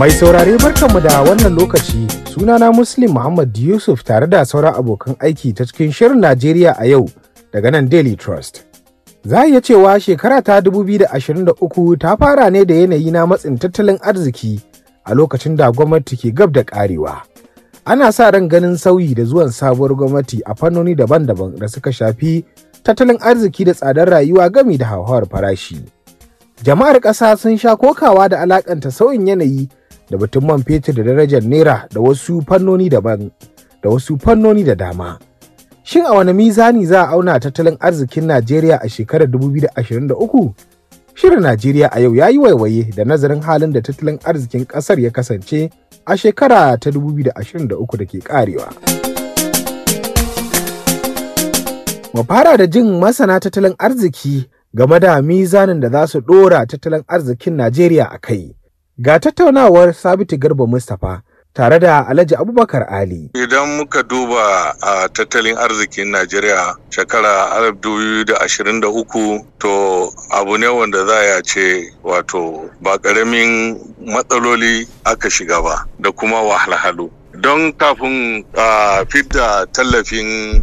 Mai saurare barkanmu da wannan lokaci sunana Muslim Muhammad Yusuf tare da sauran abokan aiki ta cikin shirin Najeriya a yau daga nan Daily Trust. Za iya cewa shekara ta 2023 ta fara ne da yanayi na matsin tattalin arziki a lokacin da gwamnati ke gab da karewa. Ana sa ran ganin sauyi da zuwan sabuwar gwamnati a fannoni daban-daban da suka shafi tattalin arziki da tsadar rayuwa gami da hauhawar farashi. Jama'ar ƙasa sun sha kokawa da alakanta sauyin yanayi da batun man fetur da darajar naira da wasu fannoni daban da wasu fannoni da dama shin a wani mizani za a auna tattalin arzikin najeriya a shekarar 2023 shirin najeriya a yau ya yi waiwaye da nazarin halin da tattalin arzikin kasar ya kasance a shekara ta 2023 da ke karewa mu fara da jin masana tattalin arziki game da mizanin da za su ɗora tattalin arzikin najeriya a kai Ga tattaunawar sabiti Garba Mustapha tare da Alhaji Abubakar Ali. Idan muka duba a tattalin arzikin Najeriya shekara 2023 to abu ne wanda za ya ce wato ba ƙaramin matsaloli aka shiga ba da kuma wahalhalu. Don kafin a fidda tallafin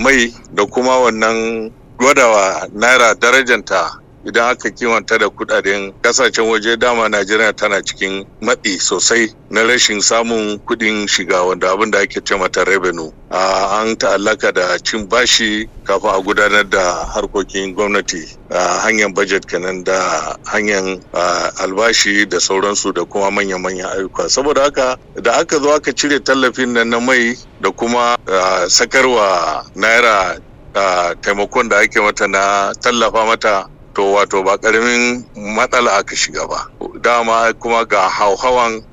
mai da kuma wannan gwadawa naira darajanta idan aka kimanta da kudaden kasashen waje dama najeriya tana cikin matsi sosai na rashin samun kudin shiga wanda abin da ake ce mata revenue an ta'allaka da cin bashi kafin a gudanar da harkokin gwamnati a hanyar budget kenan da hanyar albashi da sauransu da kuma manya-manyan ayyuka saboda haka da aka zo aka cire tallafin nan na mai da kuma sakarwa naira taimakon da ake mata na tallafa mata to wato ba karamin matsala aka shiga ba dama kuma ga hauhawan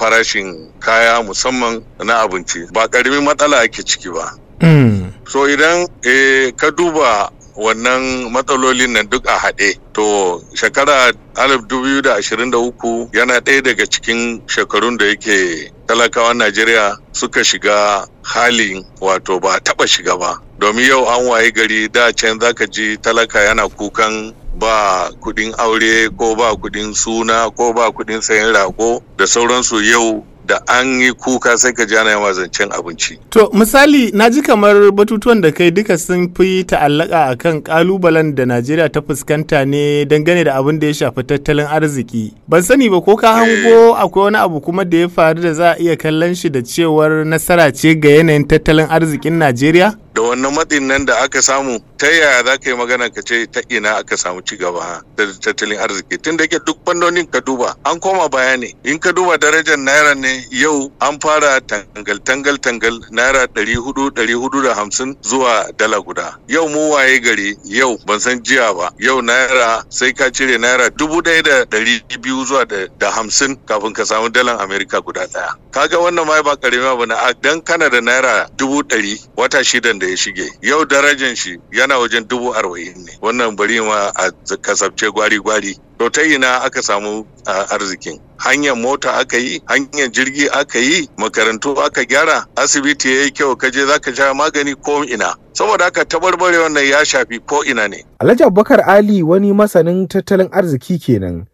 farashin kaya musamman na abinci ba karamin matsala ake ciki ba hmm. so idan eh, ka duba wannan matsalolin nan duk a haɗe to shekara 2023 yana ɗaya daga cikin shekarun da yake talakawan najeriya suka shiga hali. wato ba taɓa shiga ba domin yau an waye gari da can zaka ji talaka yana kukan ba kudin aure ko ba kudin suna ko ba kudin sayan rako da sauransu yau da an yi kuka sai ka jana yawa zancen abinci. To misali na ji kamar batutuwan da kai duka sun fi ta'allaka a kan kalubalen da Najeriya ta fuskanta ne dangane da abin da ya shafi tattalin arziki. Ban sani ba ko ka eh. hango akwai wani abu kuma da ya faru da za a iya kallon shi da cewar nasara ce ga yanayin tattalin arzikin Najeriya? da wannan matsin nan da aka samu ta yaya za ka yi magana ka ce ta ina aka samu ci gaba da tattalin arziki tun da ke duk fannonin ka duba an koma baya ne in ka duba darajar naira ne yau an fara tangal tangal tangal naira ɗari hudu ɗari hudu da hamsin zuwa dala guda yau mu waye gari yau ban san jiya ba yau naira sai ka cire naira dubu ɗaya da ɗari biyu zuwa da hamsin kafin ka samu dalan amerika guda ɗaya kaga wannan ma ba karami abu na dan kana da naira dubu ɗari wata shidan da da ya shige yau darajan shi yana wajen dubu arba'in ne wannan bari ma a kasabce gwari-gwari to ta ina aka samu arzikin hanyar mota aka yi hanyar jirgi aka yi makarantu aka gyara asibiti ya yi kyau kaje za ka sha magani ko ina saboda haka tabarbare wannan ya shafi ko ina ne alhaji abubakar ali wani masanin tattalin arziki kenan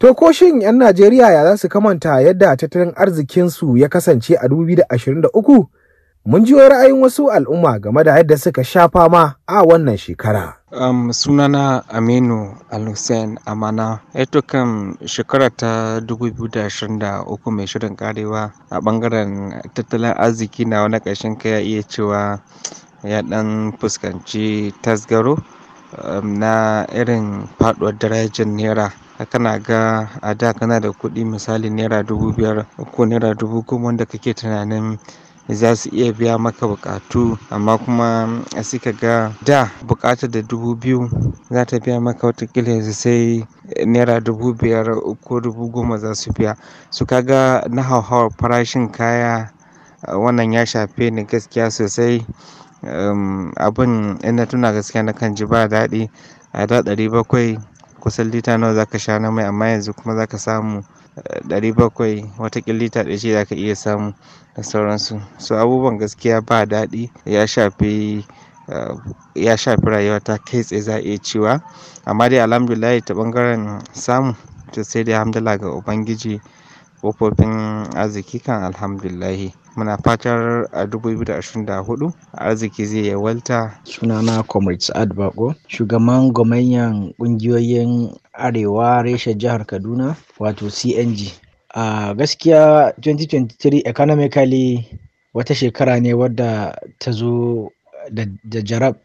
To ko shin 'yan Najeriya ya za su kamanta yadda tattalin arzikinsu ya kasance a 2023? Mun ji ra'ayin wasu al'umma game da yadda suka sha fama a wannan shekara. Um, sunana aminu al-hussein amana eto kan shekara ta 2023 mai shirin karewa a bangaren tattalin arziki na wani ƙarshen kai ya iya cewa ya dan fuskanci tasgaro um, na irin faduwar darajin naira kana ga a da kana da kuɗi misali naira dubu biyar ko naira dubu goma wanda kake tunanin za su iya biya maka bukatu amma kuma su ka ga da buƙatar da dubu biyu za ta biya maka watakila yanzu sai naira dubu biyar ko dubu goma za su biya su kaga na hauhawar farashin kaya eh, wannan ya shafe ni gaskiya sosai ehm, abin ina tuna gaskiya na kan ji ba daɗi a da ɗari bakwai kusan lita nawa za ka sha na mai amma yanzu kuma za ka samu ɗari bakwai wataƙil lita ɗaya ce za ka iya samu da sauransu Su abubuwan gaskiya ba daɗi ya shafi eh, ya shafi ta kai tsaye za a iya cewa amma dai alhamdulillah ta bangaren samu to sai dai hamdala ga ubangiji kofofin arziki kan alhamdulillahi muna fatar a 2024 arziki zai yawalta sunana comrades sa'ad shugaban gwamnatin kungiyoyin arewa reshen jihar kaduna wato cng a gaskiya 2023 economically wata shekara ne wadda ta zo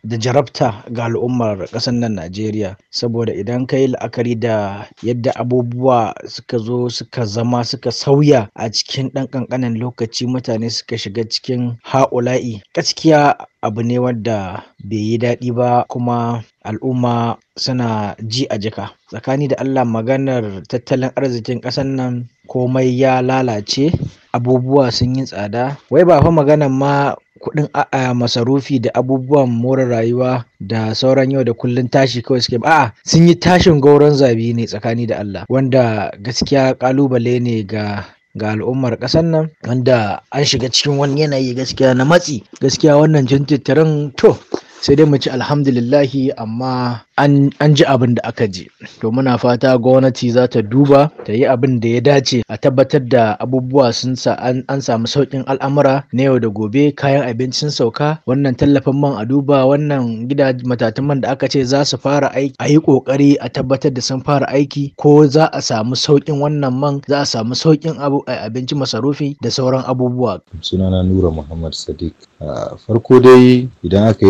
da jarabta ga al'ummar ƙasar nan najeriya saboda idan ka yi la'akari da yadda abubuwa suka zo suka zama suka sauya a cikin ɗan ƙanƙanin lokaci mutane suka shiga cikin ha'ula'i gaskiya abu ne wadda bai yi daɗi ba kuma al'umma suna ji a jika tsakani da allah maganar tattalin arzikin ƙasar nan komai ya lalace abubuwa sun yi tsada wai ba fa maganar ma kuɗin a'a masarufi da abubuwan more rayuwa da sauran yau da kullun tashi kawai suke ba sun yi tashin gauron zabi ne tsakani da allah wanda gaskiya kalubale ne ga ga al'ummar ƙasar nan wanda an shiga cikin wani yanayi gaskiya na matsi gaskiya wannan jintittarin to sai dai mu ci alhamdulillahi amma an ji abin da aka ji to muna fata gwamnati za ta duba ta yi abin da ya dace a tabbatar da abubuwa sun sa an samu sauƙin al'amura na yau da gobe kayan abincin sauka wannan tallafin man a duba wannan gida matatan da aka ce za su fara aiki a yi ƙoƙari a tabbatar da sun fara aiki ko za a samu sauƙin wannan man za a samu sauƙin eh, abinci masarufi da sauran abubuwa sunana nura muhammad sadiq ah, farko dai idan aka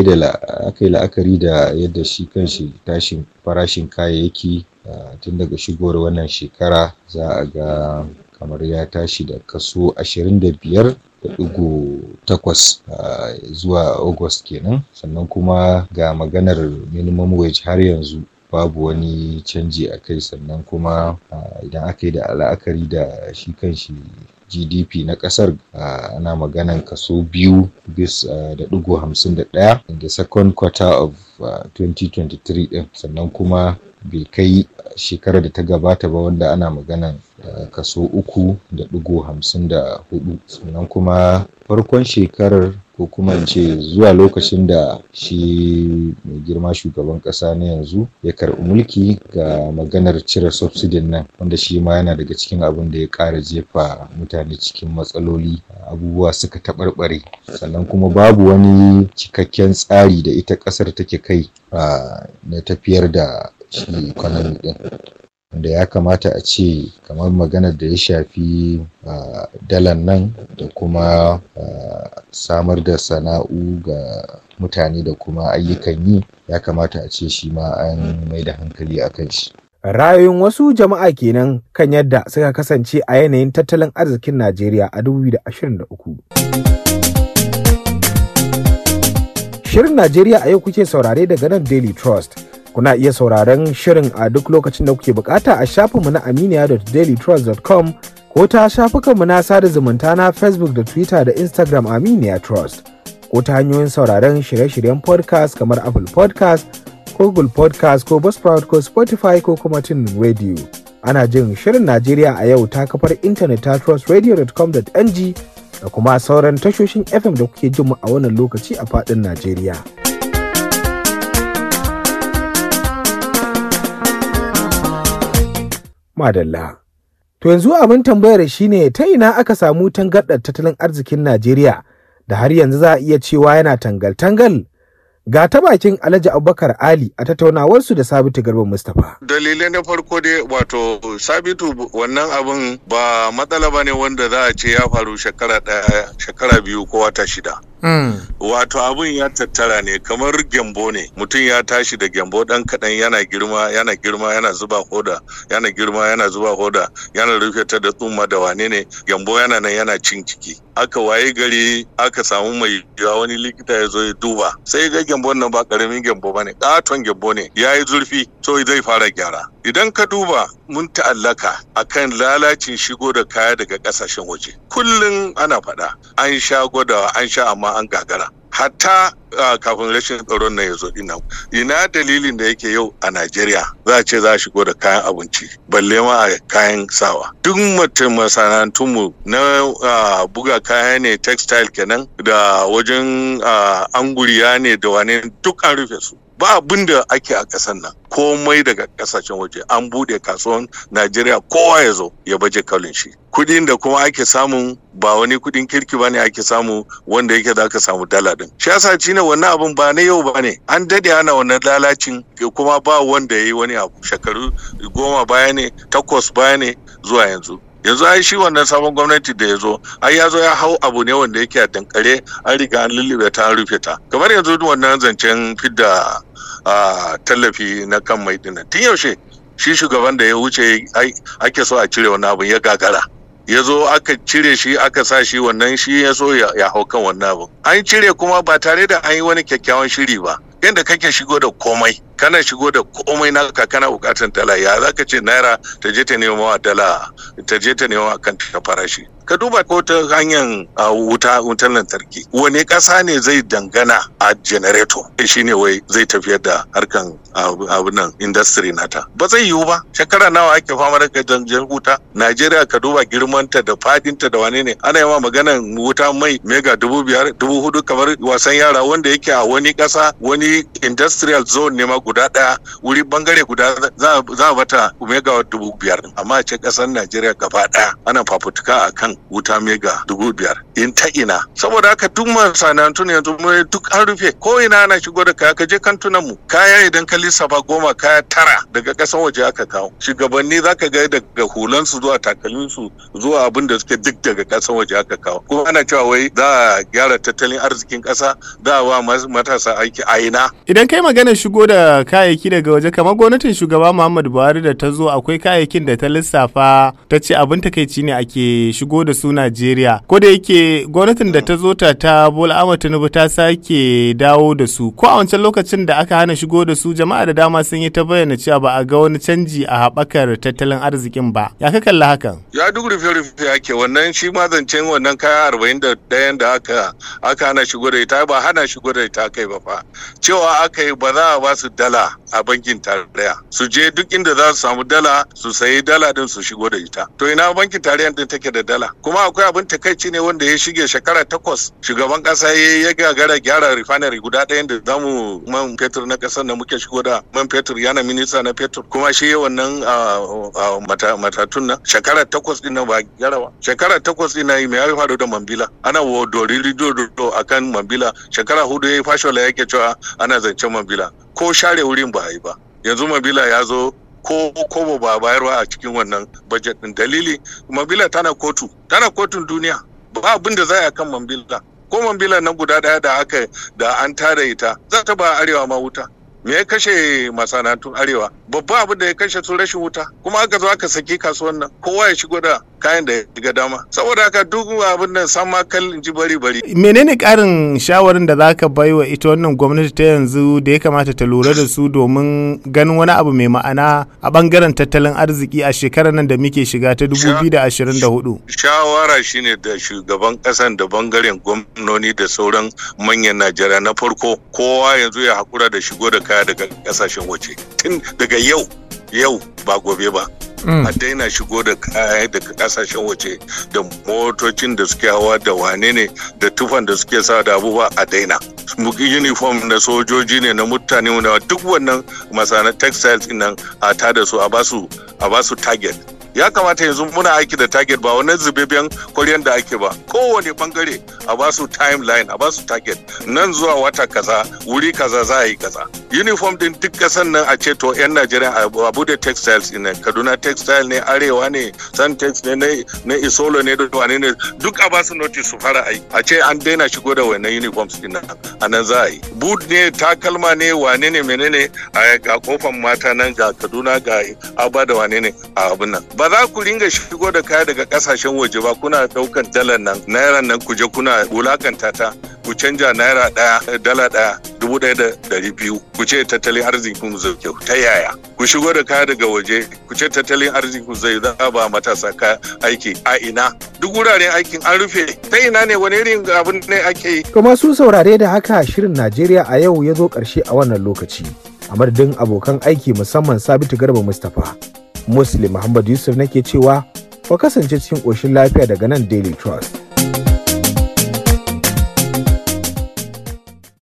yi la'akari da yadda shi kanshi tashin farashin kayayyaki tun daga shigowar wannan shekara za a ga kamar ya tashi da kaso 25 8 zuwa August kenan sannan kuma ga maganar minimum wage har yanzu babu wani canji a kai sannan kuma idan aka yi da la'akari da shi kan shi. gdp na kasar ana maganan kaso biyu bis da digo hamsin da ɗaya in the second quarter of 2023 din sannan kuma bai kai shekarar da ta gabata ba wanda ana maganan eh, kaso uku da ɗigo hamsin da hudu sannan kuma farkon shekarar ko kuma in ce zuwa lokacin da shi mai girma shugaban kasa na yanzu ya karɓi mulki ga maganar cire subsidin nan wanda shi ma yana daga cikin abin da ya ƙara jefa mutane cikin matsaloli abubuwa suka taɓarɓare sannan kuma babu wani cikakken tsari da ita ƙasar take kai ah, na tafiyar da shi din ya kamata a ce kamar maganar da ya shafi dalan nan da kuma samar da sana'u ga mutane da kuma ayyukan yi ya kamata a ce shi ma an mai da hankali a kan shi rayoyin wasu jama'a kenan kan yadda suka kasance a yanayin tattalin arzikin najeriya a 2023 Shirin Najeriya a yau kuke saurare daga nan Daily Trust. Kuna iya sauraron shirin a duk lokacin da kuke bukata a shafinmu na aminiya.dailytrust.com ko ta shafukanmu na sada zumunta na Facebook da Twitter da Instagram Aminiya Trust ko ta hanyoyin sauraron shirye-shiryen podcast kamar Apple podcast ko Google podcast ko Buzzsprout ko Spotify ko kuma Tunin Radio. Ana jin shirin Najeriya a yau ta kafar intanet ta trustradio.com.ng da kuma sauran tashoshin FM da kuke jin mu a wannan lokaci a faɗin Najeriya. Madalla. To yanzu abin tambayar shi ne ta ina aka samu tangarɗar tattalin arzikin Najeriya da har yanzu za a iya cewa yana tangal-tangal. Ga ta bakin Alhaji Abubakar Ali a tattaunawar su da Sabitu Garba Mustapha. Dalilai na farko dai wato Sabitu wannan abin ba matsala ba ne wanda za a ce ya faru shekara biyu ko wata shida. Mm. wato abun ya tattara ne kamar gyambo ne mutum ya tashi da gyambo dan kaɗan yana girma yana girma yana zuba hoda yana girma yana zuba hoda yana rufe ta da tsumma da wane ne gyambo yana nan yana cin ciki aka waye gari aka samu mai yiwa wani likita ya zo ya duba sai ga gyambon nan ba karamin gyambo bane katon gyambo ne ya yi zurfi to zai fara gyara Idan ka duba mun ta'allaka akan lalacin shigo da kaya daga kasashen waje. Kullum ana faɗa an sha gwadawa an sha amma an gagara. Hatta kafin rashin tsaron na ya zo dinnan ina dalilin da yake yau a Najeriya za a ce za a shigo da kayan abinci balle ma a kayan sawa duk mutum masana'antunmu na buga kaya ne textile kenan da wajen anguriya ne da wane duk an rufe su ba abin da ake a ƙasar nan komai daga ƙasashen waje an buɗe kasuwan najeriya kowa ya zo ya baje kalin shi kuɗin da kuma ake samun ba wani kuɗin kirki bane ne ake samu wanda yake za ka samu dala ɗin shi yasa wannan abin ba na yau ba ne an dade ana wannan lalacin eh, kuma ba wanda ya yi wani abu shekaru goma baya ne takwas baya ne zuwa yanzu yanzu ai shi wannan sabon gwamnati da ya zo ai ya zo ya hau abu ne wanda yake a dankare an riga an lullube ta an rufe ta kamar yanzu wannan zancen fidda tallafi na kan mai dinnan tun yaushe shi shugaban da ya wuce ake so a cire wani abu ya gagara ya zo aka cire shi aka sa shi wannan shi ya so ya hau kan wannan abu an cire kuma ba tare da an yi wani kyakkyawan shiri ba yadda kake shigo da komai kana shigo da komai naka kana bukatan dala ya za ka ce naira ta je ta nemo a dala ta je ta nemo a kan ta farashi ka duba ko ta hanyar wuta wutar lantarki wani ƙasa ne zai dangana a generator eh, shi ne wai zai tafiyar da harkan abunan industry nata ba zai yiwu ba shekara nawa ake fama da janjar wuta najeriya ka duba girmanta da fadinta da wane ne ana yawa magana wuta mai mega dubu biyar dubu hudu kamar wasan yara wanda yake a wani kasa wani industrial zone ne ma guda ɗaya wuri bangare guda za a bata mega dubu biyar amma ce ƙasar najeriya gaba ɗaya ana fafutuka a kan wuta mega dubu biyar in ta ina saboda haka duk masana'antu ne yanzu duk an rufe ko ina ana shigo da kaya ka je kantunan mu kaya idan ka lissafa goma kaya tara daga ƙasar waje aka kawo shugabanni za ka ga daga hulansu zuwa takalminsu zuwa abin da suke duk daga ƙasar waje aka kawo kuma ana cewa wai za a gyara tattalin arzikin ƙasa za a wa matasa aiki a ina idan kai magana shigo da da kayayyaki daga waje kamar gwamnatin shugaba Muhammadu Buhari da ta zo akwai kayayyakin da ta lissafa ta ce abin takaici ne ake shigo da su Najeriya. Ko da yake gwamnatin da ta zo ta ta Bola Ahmed Tinubu ta sake dawo da su. Ko a wancan lokacin da aka hana shigo da su jama'a da dama sun yi ta bayyana cewa ba a ga wani canji a haɓakar tattalin arzikin ba. Ya ka kalla hakan? Ya duk rufe-rufe ake wannan shi ma zancen wannan kaya arba'in da ɗayan da aka hana shigo da ita ba hana shigo da ita kai ba fa. Cewa aka yi ba za a ba su da dala a bankin tarayya su je duk inda za su samu dala su sayi dala din su shigo da ita to ina bankin tarayya din take da dala kuma akwai abin takaici ne wanda ya shige shekara takwas shugaban kasa ya gagara gyara refinery guda ɗaya da zamu man fetur na ƙasar da muke shigo da man fetur yana minista na fetur kuma shi wannan matatun nan shekara takwas din nan ba wa shekara takwas din nan yi ya faru da mambila ana wo doriri dodo akan mambila shekara hudu ya yi fashola yake cewa ana zancen mambila ko share wurin ba yi ba yanzu mabila ya zo ko kobo ba bayarwa a cikin wannan budget din dalili mabila tana kotu tana kotun duniya ba abin da za a kan mabila ko mabila na guda daya da aka da an tare ita za ta ba arewa ma wuta me ya kashe masana'antun arewa babba abin da ya kashe su rashin wuta kuma aka zo aka saki kasuwan nan kowa ya shigo da kayan da ya ga dama saboda haka duk abin nan san ma kallin ji bari bari menene karin shawarin da zaka bai wa ita wannan gwamnati ta yanzu da ya kamata ta lura da su domin ganin wani abu mai ma'ana a bangaren tattalin arziki a shekarar nan da muke shiga ta 2024 shawara shine da shugaban kasan da bangaren gwamnoni da sauran manyan Najeriya na farko kowa yanzu ya hakura da shigo da kaya daga kasashen waje tun daga yau yau ba gobe ba mm. a daina shigo da kaya daga kasashen waje da motocin da suke hawa da wane ne da tufan da suke sa da abubuwa a daina muki uniform na sojoji ne na mutane na duk wannan masana textiles nan a ta da su a basu a target ya kamata yanzu muna aiki da target ba wani zubeben kwaryan da ake ba kowane bangare a basu timeline a basu target nan zuwa wata kaza wuri kaza za a yi kaza uniform din duk kasan nan a ce to 'yan najeriya abu da textiles ne kaduna textile ne arewa ne santex ne na isolo ne da wane ne duk a basu notice su fara ai a ce an daina shigo da wannan uniforms din nan a nan za a yi boot ne takalma ne wane ne menene a kofan mata nan ga kaduna ga aba da wane ne a abin nan ba za ku ringa shigo da kaya daga kasashen waje ba kuna daukan dalar nan naira nan kuje kuna wulakanta ta ku canja naira daya dala daya dubu ɗaya da ɗari biyu ku ce tattalin arzikin zai kyau ta yaya ku shigo da kaya daga waje ku ce tattalin arzikin zai za ba matasa ka aiki a ina duk wuraren aikin an rufe ta ina ne wani irin abin ne ake yi. kuma su saurare da haka shirin najeriya a yau ya zo ƙarshe a wannan lokaci a madadin abokan aiki musamman sabitu garba mustapha muslim muhammad yusuf nake cewa ku kasance cikin ƙoshin lafiya daga nan daily trust.